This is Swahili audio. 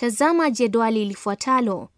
Tazama jedwali lifuatalo.